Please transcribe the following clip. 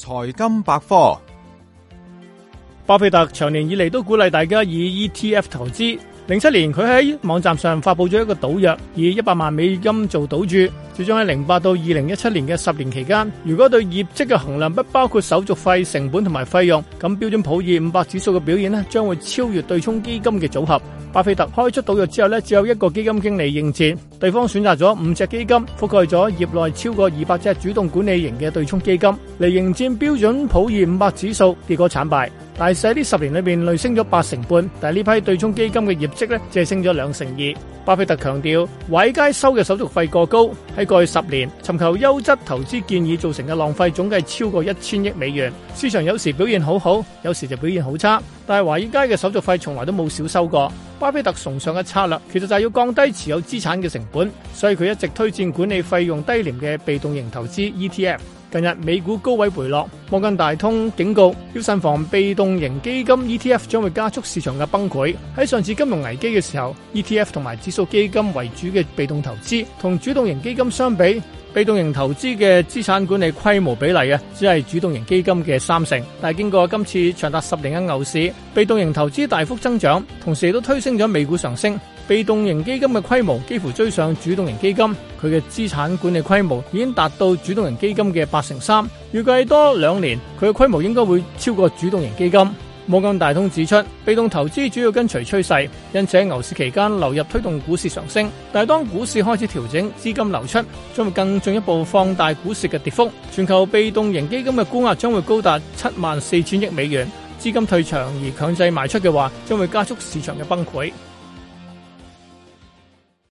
財金百科，巴菲特長年以嚟都鼓勵大家以 ETF 投資。零七年佢喺網站上發布咗一個賭約，以一百萬美金做賭注，主張喺零八到二零一七年嘅十年期間，如果對業績嘅衡量不包括手續費、成本同埋費用，咁標準普爾五百指數嘅表現咧將會超越對沖基金嘅組合。巴菲特開出賭約之後呢只有一個基金經理應戰，對方選擇咗五隻基金覆蓋咗業內超過二百隻主動管理型嘅對沖基金嚟迎戰標準普爾五百指數，結果慘敗。大市喺呢十年裏邊累升咗八成半，但係呢批對沖基金嘅業績咧只係升咗兩成二。巴菲特強調，華爾街收嘅手續費過高，喺過去十年尋求優質投資建議造成嘅浪費總計超過一千億美元。市場有時表現好好，有時就表現好差，但係華爾街嘅手續費從來都冇少收過。巴菲特崇尚嘅策略，其實就係要降低持有資產嘅成本，所以佢一直推薦管理費用低廉嘅被動型投資 ETF。近日美股高位回落，摩根大通警告要慎防被動型基金 ETF 將會加速市場嘅崩潰。喺上次金融危機嘅時候，ETF 同埋指數基金為主嘅被動投資，同主動型基金相比。被動型投資嘅資產管理規模比例嘅，只係主動型基金嘅三成。但係經過今次長達十年嘅牛市，被動型投資大幅增長，同時亦都推升咗美股上升。被動型基金嘅規模幾乎追上主動型基金，佢嘅資產管理規模已經達到主動型基金嘅八成三。預計多兩年，佢嘅規模應該會超過主動型基金。摩根大通指出，被動投資主要跟隨趨勢，因此喺牛市期間流入推動股市上升。但係當股市開始調整，資金流出將會更進一步放大股市嘅跌幅。全球被動型基金嘅估額將會高達七萬四千億美元，資金退場而強制賣出嘅話，將會加速市場嘅崩潰。